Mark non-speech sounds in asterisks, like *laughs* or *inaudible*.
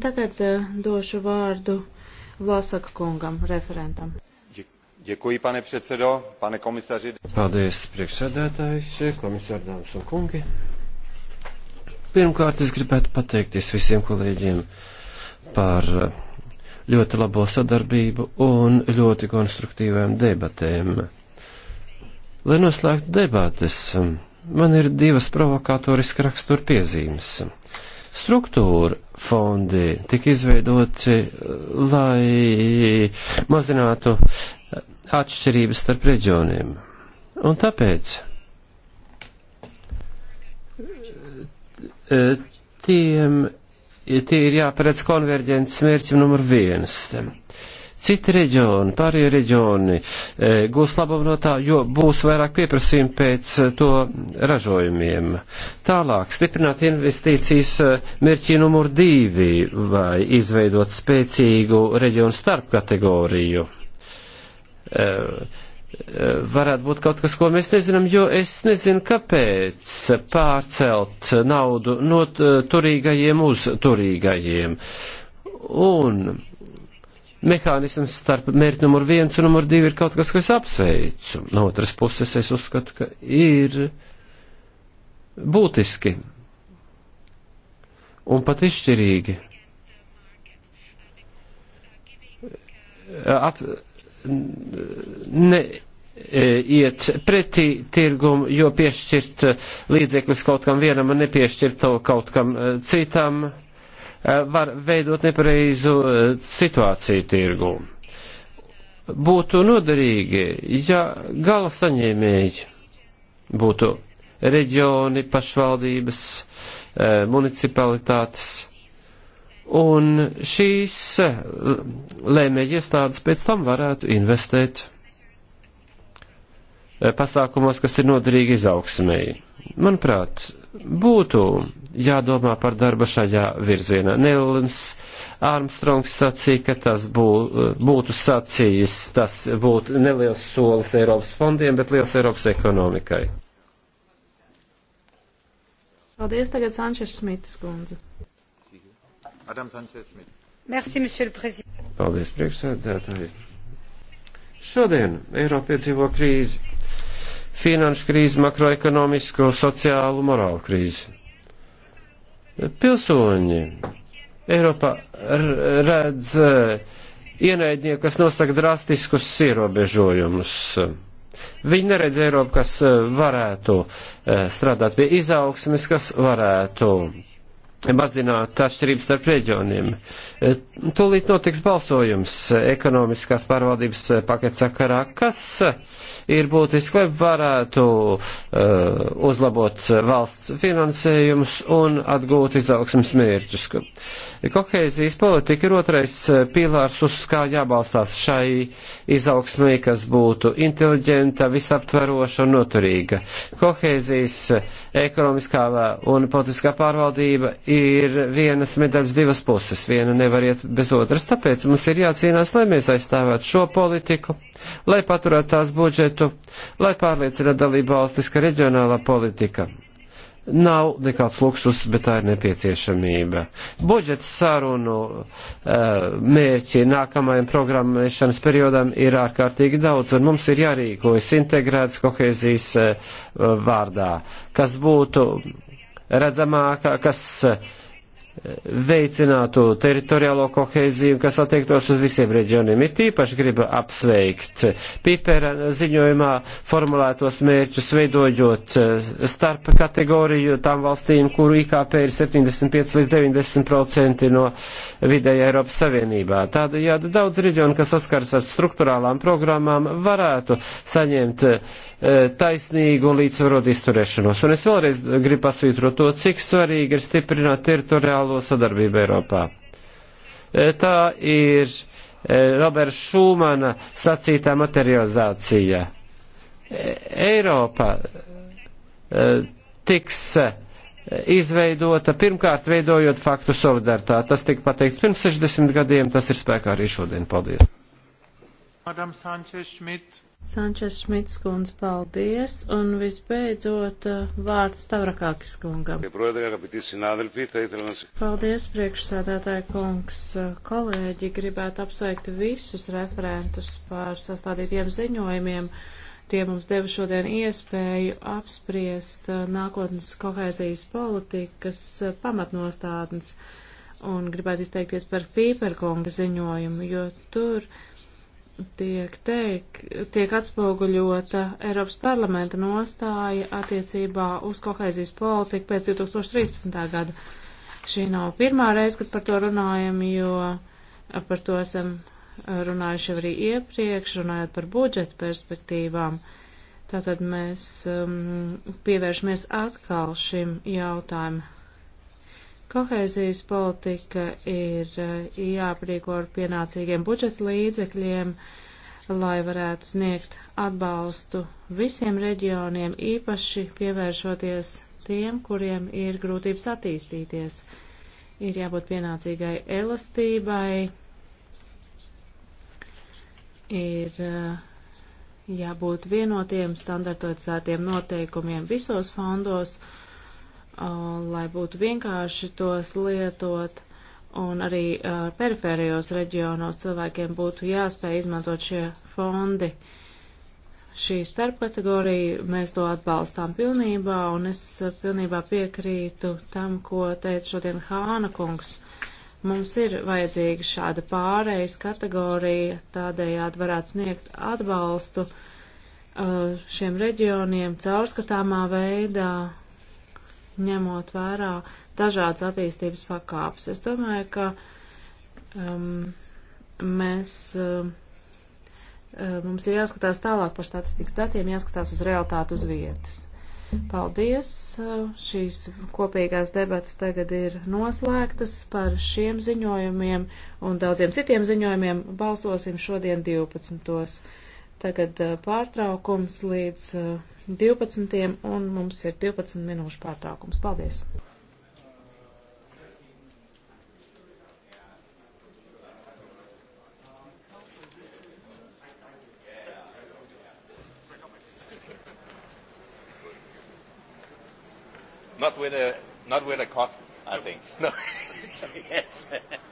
Tagad eh, došu vārdu Vlasaka kungam, referentam. Děkuji, pane předsedo, pane komisaři. Paldies, priekšsēdētājs, komisār dāmas un kungi. Pirmkārt, es gribētu pateikties visiem kolēģiem par eh, ļoti labo sadarbību un ļoti konstruktīvām debatēm. Lai noslēgtu debates, eh, man ir divas provokatoriska rakstura piezīmes. Struktūra fondi tika izveidoti, lai mazinātu atšķirības starp reģioniem. Un tāpēc eh, tiem tie ir jāparedz konverģents mērķim numur viens. Citi reģioni, pārējie reģioni e, gūs labumu no tā, jo būs vairāk pieprasījumi pēc e, to ražojumiem. Tālāk, stiprināt investīcijas e, mērķī numur divi vai izveidot spēcīgu reģionu starpkategoriju varētu būt kaut kas, ko mēs nezinām, jo es nezinu, kāpēc pārcelt naudu no turīgajiem uz turīgajiem. Un mehānisms starp mērķi numur viens un numur divi ir kaut kas, ko es apsveicu. No otras puses, es uzskatu, ka ir būtiski un pat izšķirīgi eh, ap, ne, eh, iet pretī tirgumu, jo piešķirt eh, līdzekļus kaut kam vienam un nepiešķirt to kaut kam citam Eh, var veidot nepareizu eh, situāciju tirgū. Būtu noderīgi, ja gala saņēmēji būtu reģioni, pašvaldības, eh, municipalitātes, un šīs lēmēji iestādes pēc tam varētu investēt pasākumos, kas ir noderīgi izaugsmēji. Manuprāt, būtu jādomā par darba šajā virzienā. Nils Armstrongs sacīja, ka tas bū, būtu sacījis, tas būtu neliels solis Eiropas fondiem, bet liels Eiropas ekonomikai. Paldies, tagad Sančes Smitas kundze. Adam Sančes Smit. Merci, monsieur le président. Paldies, priekšsēdētāji. Šodien Eiropa piedzīvo krīzi. Finanšu krīzi, makroekonomisku, sociālu, morālu krīzi Pilsoņi Eiropā redz eh, ienaidnieku, kas nosaka drastiskus ierobežojumus. Viņi neredz Eiropu, kas eh, varētu eh, strādāt pie izaugsmes, kas varētu mazināt atšķirības starp reģioniem. E, tūlīt notiks balsojums ekonomiskās pārvaldības paketas sakarā, kas ir būtiski, lai varētu uh, uzlabot valsts finansējumus un atgūt izaugsmas mērķus. Koheizijas politika ir otrais pīlārs, uz kā jābalstās šai izaugsmai, kas būtu inteliģenta, visaptveroša un noturīga. Koheizijas ekonomiskā un politiskā pārvaldība ir vienas medaļas divas puses, viena nevar iet bez otras, tāpēc mums ir jācīnās, lai mēs aizstāvētu šo politiku, lai paturētu tās budžetu, lai pārliecinātu dalību valstis, ka reģionālā politika nav nekāds luksus, bet tā ir nepieciešamība. Budžets sarunu uh, mērķi nākamajam programmēšanas periodam ir ārkārtīgi daudz, un mums ir jārīkojas integrētas kohēzijas uh, vārdā, kas būtu redzamāka, kas veicinātu teritoriālo koheiziju, kas attiektos uz visiem reģioniem. Ir tīpaši gribu apsveikt Pipera ziņojumā formulētos mērķus, veidojot eh, starp kategoriju tām valstīm, kuru IKP ir 75 līdz 90 procenti no vidēja Eiropas Savienībā. Tādējādi daudz reģionu, kas saskars ar struktūrālām programmām, varētu saņemt eh, taisnīgu un līdzsvarot izturēšanos. Un es vēlreiz gribu pasvītrot to, cik svarīgi ir stiprināt teritoriālu reģionālo sadarbību Eiropā. E, tā ir e, Roberta Šūmana sacītā materializācija. E, Eiropa tiks izveidota pirmkārt veidojot faktu solidaritāti. Tas tika pateikts pirms 60 gadiem, tas ir spēkā arī šodien. Paldies. Madam Sanchez Schmidt. Sančes Šmits kundz, paldies. Un visbeidzot, uh, vārds Stavrakākis kungam. Paldies, priekšsēdētāja kungs. Uh, kolēģi gribētu apsveikt visus referentus par sastādītiem ziņojumiem. Tie mums deva šodien iespēju apspriest uh, nākotnes kohēzijas politikas pamatnostādnes. Un gribētu izteikties par Pīperkonga ziņojumu, jo tur tiek, teik, tiek atspoguļota Eiropas parlamenta nostāja attiecībā uz kohēzijas politiku pēc 2013. gada. Šī nav pirmā reize, kad par to runājam, jo par to esam runājuši arī iepriekš, runājot par budžeta perspektīvām. Tātad mēs um, pievēršamies atkal šim jautājumam. Kohēzijas politika ir eh, jāprīko ar pienācīgiem budžeta līdzekļiem, lai varētu sniegt atbalstu visiem reģioniem, īpaši pievēršoties tiem, kuriem ir grūtības attīstīties. Ir jābūt pienācīgai elastībai, ir eh, jābūt vienotiem standartizētiem noteikumiem visos fondos, uh, Uh, lai būtu vienkārši tos lietot un arī uh, perifērijos reģionos cilvēkiem būtu jāspēj izmantot šie fondi. Šī starpkategorija mēs to atbalstām pilnībā, un es uh, pilnībā piekrītu tam, ko teica šodien Hāna kungs. Mums ir vajadzīga šāda pārejas kategorija, tādējādi varētu sniegt atbalstu uh, šiem reģioniem caurskatāmā veidā, ņemot vērā dažādas attīstības pakāpes. Es domāju, ka um, mēs. Um, uh, Mums ir jāskatās tālāk par statistikas datiem, jāskatās uz realitāti uz vietas. Paldies! Uh, šīs kopīgās debatas tagad ir noslēgtas par šiem ziņojumiem un daudziem citiem ziņojumiem. Balsosim šodien 12. Tagad pārtraukums līdz 12. un mums ir 12 minūšu pārtraukums. Paldies! Not with a not with a cough, I think. *laughs* No. *laughs* yes. *laughs*